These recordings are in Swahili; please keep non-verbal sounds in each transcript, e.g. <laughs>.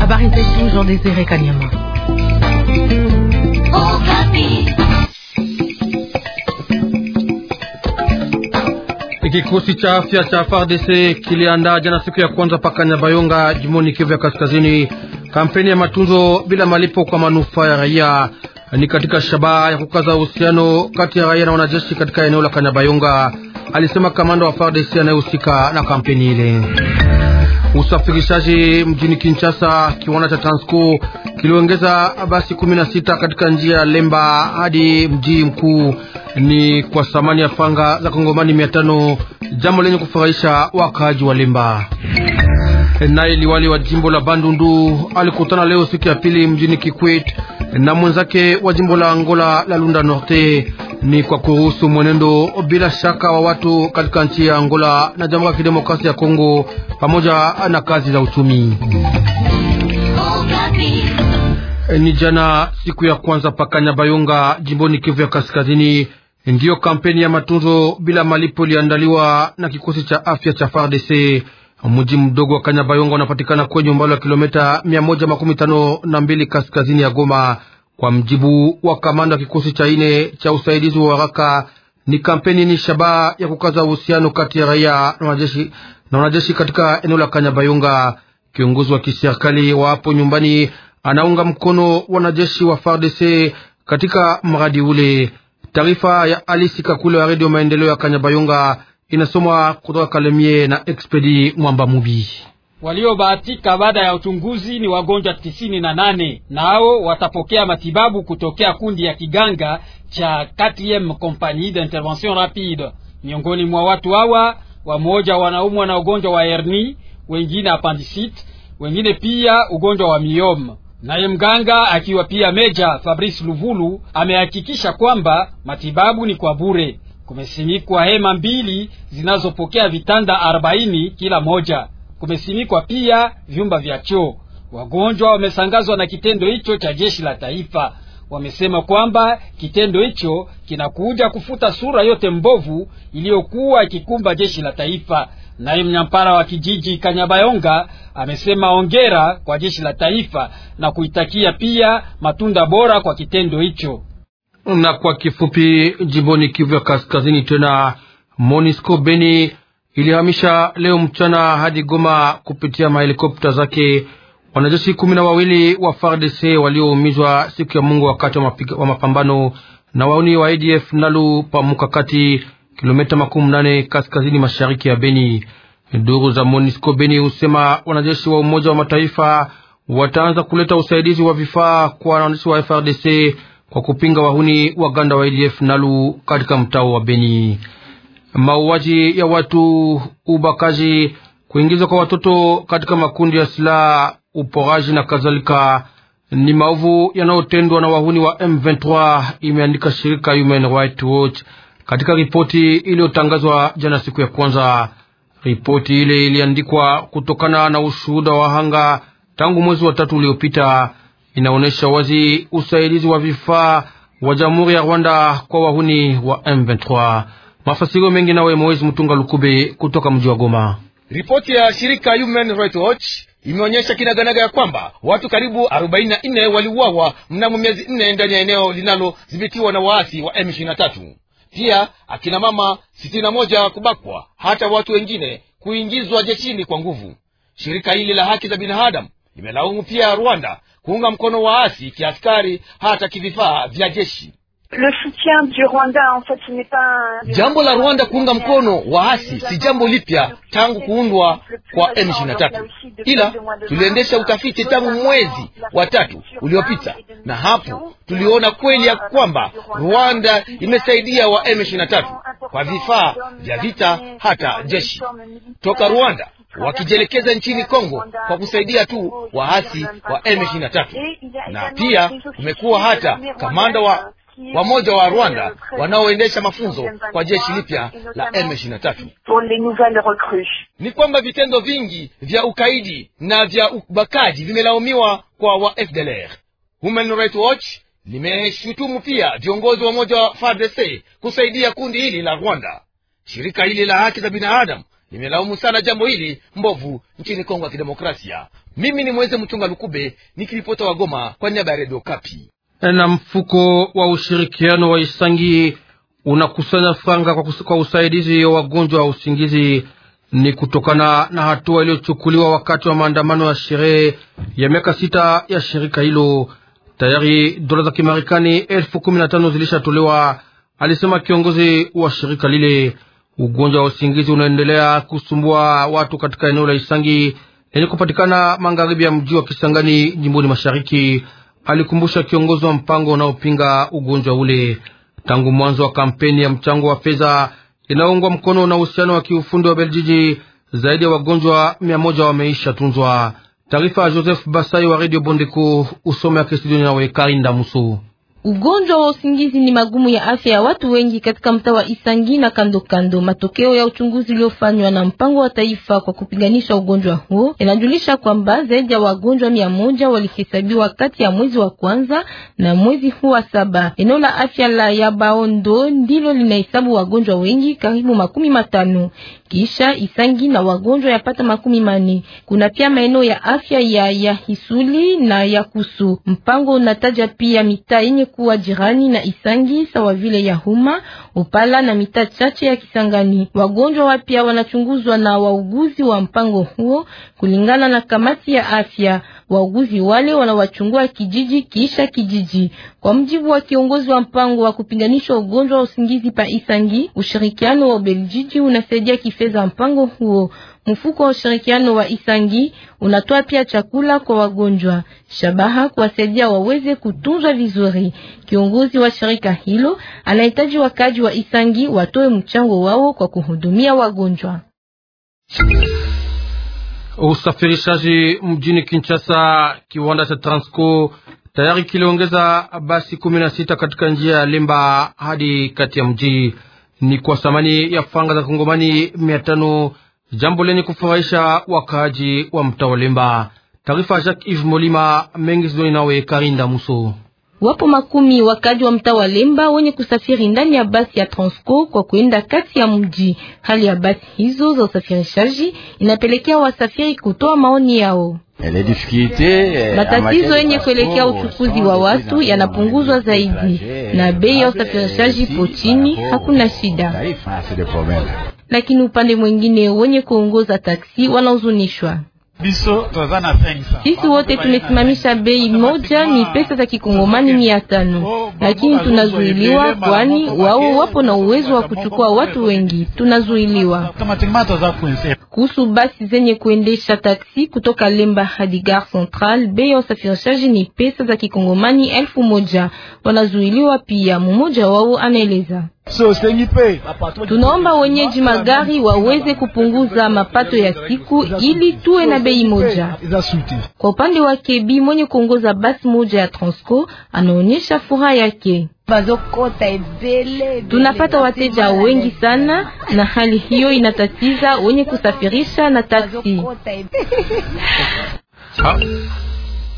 Habari zetu Jean Desire Kanyama. Kikosi cha afya cha FARDC kiliandaa jana siku ya kwanza paka Nyabayonga jimoni Kivu ya Kaskazini kampeni ya matunzo bila malipo kwa manufaa ya raia. Ni katika shabaha ya kukaza uhusiano kati ya raia na wanajeshi katika eneo la Kanyabayonga, alisema kamanda wa FARDC anayehusika na kampeni ile. Usafirishaji mjini Kinshasa, kiwanda cha Transco kiliongeza basi 16 katika njia ya Lemba hadi mji mkuu, ni kwa thamani ya fanga za Kongomani 500, jambo lenye kufurahisha wakaaji wa Lemba. Naye liwali wa jimbo la Bandundu alikutana leo siku ya pili mjini Kikwit na mwenzake wa jimbo la Angola la Lunda Norte ni kwa kuruhusu mwenendo bila shaka wa watu katika nchi ya Angola na Jamhuri ya Kidemokrasia ya Kongo pamoja na kazi za uchumi. Ni jana siku ya kwanza pakanya Bayonga jimboni Kivu ya Kaskazini, ndiyo kampeni ya matunzo bila malipo iliandaliwa na kikosi cha afya cha FARDC. Mji mdogo wa Kanyabayonga unapatikana kwenye umbali wa kilomita mia moja makumi tano na mbili kaskazini ya Goma. Kwa mjibu wa kamanda kikosi cha ine cha usaidizi wa haraka, ni kampeni ni shabaha ya kukaza uhusiano kati ya raia na wanajeshi na wanajeshi katika eneo la Kanyabayonga. Kiongozi wa kiserikali wa hapo nyumbani anaunga mkono wanajeshi wa FARDC katika mradi ule. Taarifa ya Alisi Kakule wa Redio Maendeleo ya Kanyabayonga inasomwa kutoka Kalemie na Expedi Mwamba Mubi waliobahatika baada ya uchunguzi ni wagonjwa tisini na nane nao watapokea matibabu kutokea kundi ya kiganga cha 4e Compagnie d'Intervention Rapide. Miongoni mwa watu hawa wamoja wanaumwa na ugonjwa wa herni, wengine apandisit wengine pia ugonjwa wa miom Naye mganga akiwa pia meja Fabrice Luvulu amehakikisha kwamba matibabu ni kwa bure. Kumesimikwa hema mbili zinazopokea vitanda 40 kila moja kumesimikwa pia vyumba vya choo. Wagonjwa wamesangazwa na kitendo hicho cha jeshi la taifa. Wamesema kwamba kitendo hicho kinakuja kufuta sura yote mbovu iliyokuwa ikikumba jeshi la taifa. Naye mnyampara wa kijiji Kanyabayonga amesema ongera kwa jeshi la taifa na kuitakia pia matunda bora kwa kitendo hicho. Na kwa kifupi, jimboni Kivu ya Kaskazini, tena Monisco Beni ilihamisha leo mchana hadi Goma kupitia mahelikopta zake wanajeshi kumi na wawili wa FARDC walioumizwa siku ya Mungu wakati wa mapambano na wauni wa ADF Nalu pa mkakati kilomita makumi nane kaskazini mashariki ya Beni. Duru za Monisco Beni husema wanajeshi wa Umoja wa Mataifa wataanza kuleta usaidizi wa vifaa kwa wanajeshi wa frdc kwa kupinga wahuni waganda wa ADF Nalu katika mtao wa Beni mauaji ya watu, ubakaji, kuingizwa kwa watoto katika makundi ya silaha, uporaji na kadhalika ni maovu yanayotendwa na wahuni wa M23, imeandika shirika Human Rights Watch katika ripoti iliyotangazwa jana siku ya kwanza. Ripoti ile iliandikwa kutokana na ushuhuda wa hanga tangu mwezi wa tatu uliopita. Inaonyesha wazi usaidizi wa vifaa wa Jamhuri ya Rwanda kwa wahuni wa M23. Mafasirio mengi nawe Moise Mtunga Lukube kutoka mji wa Goma. Ripoti ya shirika Human Rights Watch imeonyesha kinaganaga ya kwamba watu karibu 44 waliuawa mnamo miezi nne ndani ya eneo linalodhibitiwa na waasi wa M23. Pia akina mama 61 kubakwa, hata watu wengine kuingizwa jeshini kwa nguvu. Shirika hili la haki za binadamu limelaumu pia Rwanda kuunga mkono waasi kiaskari hata kivifaa vya jeshi. Jambo la Rwanda kuunga mkono waasi si jambo lipya tangu kuundwa kwa M23, ila tuliendesha utafiti tangu mwezi wa tatu uliopita, na hapo tuliona kweli ya kwamba Rwanda imesaidia wa M23 kwa vifaa vya vita, hata jeshi toka Rwanda wakijielekeza nchini Kongo kwa kusaidia tu waasi wa M23, na pia kumekuwa hata kamanda wa wamoja wa Rwanda wanaoendesha mafunzo kwa jeshi lipya la M23. Ni kwamba vitendo vingi vya ukaidi na vya ubakaji vimelaumiwa kwa wa FDLR. Human Rights Watch limeshutumu pia viongozi wa moja wa FARDC kusaidia kundi hili la Rwanda. Shirika hili la haki za binadamu limelaumu sana jambo hili mbovu nchini Kongo ya Kidemokrasia. Mimi ni Mweze Mtunga Lukube nikiripota wa Goma kwa niaba ya Redio Kapi na mfuko wa ushirikiano wa Isangi unakusanya franga kwa usaidizi wa wagonjwa wa usingizi. Ni kutokana na hatua iliyochukuliwa wakati wa maandamano ya sherehe ya miaka sita ya shirika hilo. Tayari dola za Kimarekani elfu kumi na tano zilishatolewa, alisema kiongozi wa shirika lile. Ugonjwa wa usingizi unaendelea kusumbua watu katika eneo la Isangi lenye kupatikana magharibi ya mji wa Kisangani, jimboni mashariki alikumbusha kiongozi wa mpango unaopinga ugonjwa ule. Tangu mwanzo wa kampeni ya mchango wa fedha inaungwa mkono na uhusiano wa kiufundi wa Beljiji, zaidi ya wagonjwa mia moja wameisha tunzwa. Taarifa ya Joseph Basai wa redio Bondeko, usome Akestidoni nawe Karinda Musu. Ugonjwa wa usingizi ni magumu ya afya ya watu wengi katika mtaa wa Isangi na kando kando. Matokeo ya uchunguzi uliofanywa na mpango wa taifa kwa kupiganisha ugonjwa huo yanajulisha kwamba zaidi ya wagonjwa mia moja walihesabiwa kati ya mwezi wa kwanza na mwezi huu wa saba. Eneo la afya la Yabaondo ndilo linahesabu wagonjwa wengi karibu makumi matano kisha Isangi na wagonjwa yapata makumi mane. Kuna pia maeneo ya afya ya ya Hisuli na ya Kusu. Mpango unataja pia mitaa yenye kuwa jirani na Isangi sawa vile ya Huma, Upala na mitaa chache ya Kisangani. Wagonjwa wapya wanachunguzwa na wauguzi wa mpango huo kulingana na kamati ya afya. Wauguzi wale wanawachungua kijiji kisha kijiji. Kwa mjibu wa kiongozi wa mpango wa kupinganisha ugonjwa wa usingizi pa Isangi, ushirikiano wa Ubelgiji unasaidia kifedha mpango huo. Mfuko wa ushirikiano wa Isangi unatoa pia chakula kwa wagonjwa, shabaha kuwasaidia waweze kutunzwa vizuri. Kiongozi wa shirika hilo anahitaji wakaji wa Isangi watoe mchango wao kwa kuhudumia wagonjwa. Usafirishaji mjini Kinshasa, kiwanda cha Transco tayari kiliongeza basi kumi na sita katika njia ya Lemba hadi kati ya mji, ni kwa thamani ya fanga za Kongomani mia tano, jambo lenye kufurahisha wakaaji wa mtaa wa Lemba. Taarifa Jacques Yves Molima mengi zioni nawe Karinda Muso wapo makumi wakaji wa mtaa wa Lemba wenye kusafiri ndani ya basi ya Transco kwa kuenda kati ya mji. Hali ya basi hizo za usafirishaji inapelekea wasafiri kutoa maoni yao. Eh, eh, Matatizo yenye kuelekea euh, uchukuzi wa watu yanapunguzwa zaidi na bei ya euh, usafirishaji po chini, hakuna shida, lakini upande mwingine wenye kuongoza taksi wanahuzunishwa. Sisi wote tumesimamisha bei moja, ni pesa za kikongomani mia tano, lakini tunazuiliwa, kwani wao wapo na uwezo wa kuchukua watu wengi. Tunazuiliwa kuhusu basi zenye kuendesha taksi kutoka Lemba hadi Gare Central. Bei ya usafirishaji ni pesa za kikongomani elfu moja. Wanazuiliwa pia, mmoja wao anaeleza Tunaomba wenyeji magari waweze kupunguza mapato ya siku ili tuwe na bei moja. Kwa upande wa kebi mwenye kuongoza basi moja ya Transco anaonyesha furaha yake. Tunapata wateja wengi sana na hali hiyo inatatiza wenye kusafirisha na taksi. <laughs>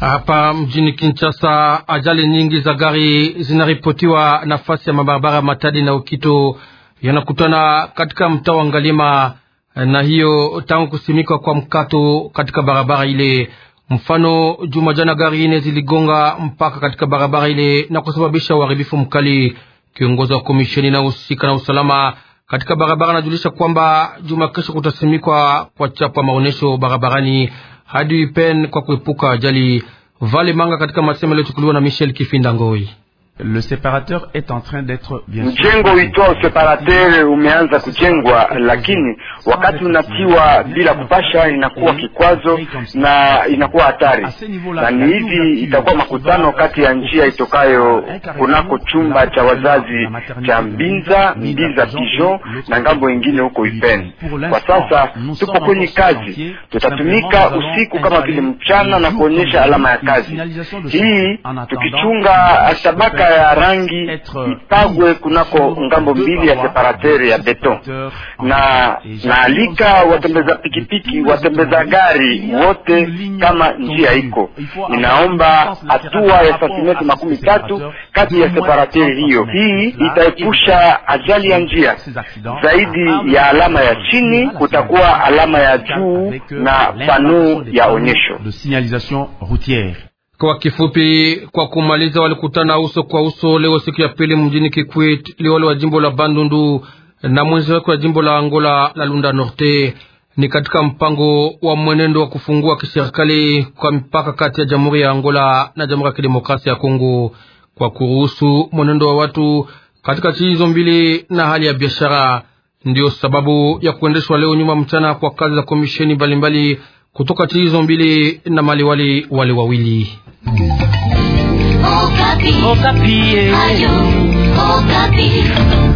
Hapa mjini Kinshasa, ajali nyingi za gari zinaripotiwa nafasi ya mabarabara Matadi na Ukito yanakutana katika mtaa wa Ngalima, na hiyo tangu kusimikwa kwa mkato katika barabara ile. Mfano, juma jana gari ine ziligonga mpaka katika barabara ile na kusababisha uharibifu mkali. Kiongozi wa komisheni inayohusika na usalama katika barabara anajulisha kwamba juma kesho kutasimikwa kwa chapa maonyesho barabarani hadi Pen kwa kuepuka ajali. Vale Manga katika masemo yaliyochukuliwa na Michel kifindangoi Le séparateur est en train d'être bien mjengo uitwao separateur umeanza kujengwa, lakini wakati unatiwa bila kupasha inakuwa kikwazo na inakuwa hatari. Na ni hivi itakuwa makutano kati ya njia itokayo kunako chumba cha wazazi cha Mbinza Mbinza Pigeon na ngambo ingine huko Ipeni. Kwa sasa tupo kwenye kazi, tutatumika usiku kama vile mchana na kuonyesha alama ya kazi hii tukichunga tabaka ya rangi ipagwe kunako ngambo mbili ya separateri ya beton, na naalika watembeza pikipiki, watembeza gari wote, kama njia iko, ninaomba hatua ya santimeta makumi tatu kati ya separateri hiyo. Hii itaepusha ajali ya njia. Zaidi ya alama ya chini, kutakuwa alama ya juu euh, na pano ya onyesho. Kwa kifupi, kwa kumaliza, walikutana uso kwa uso leo siku ya pili mjini Kikwit, liwali wa jimbo la Bandundu na mwenzi wake wa jimbo la Angola la Lunda Norte. Ni katika mpango wa mwenendo wa kufungua kiserikali kwa mipaka kati ya Jamhuri ya Angola na Jamhuri ya Kidemokrasia ya Kongo kwa kuruhusu mwenendo wa watu katika nchi hizo mbili na hali ya biashara. Ndiyo sababu ya kuendeshwa leo nyuma mchana kwa kazi za komisheni mbalimbali kutoka hizo mbili na maliwali wale wawili Okapi. Okapi. Eh.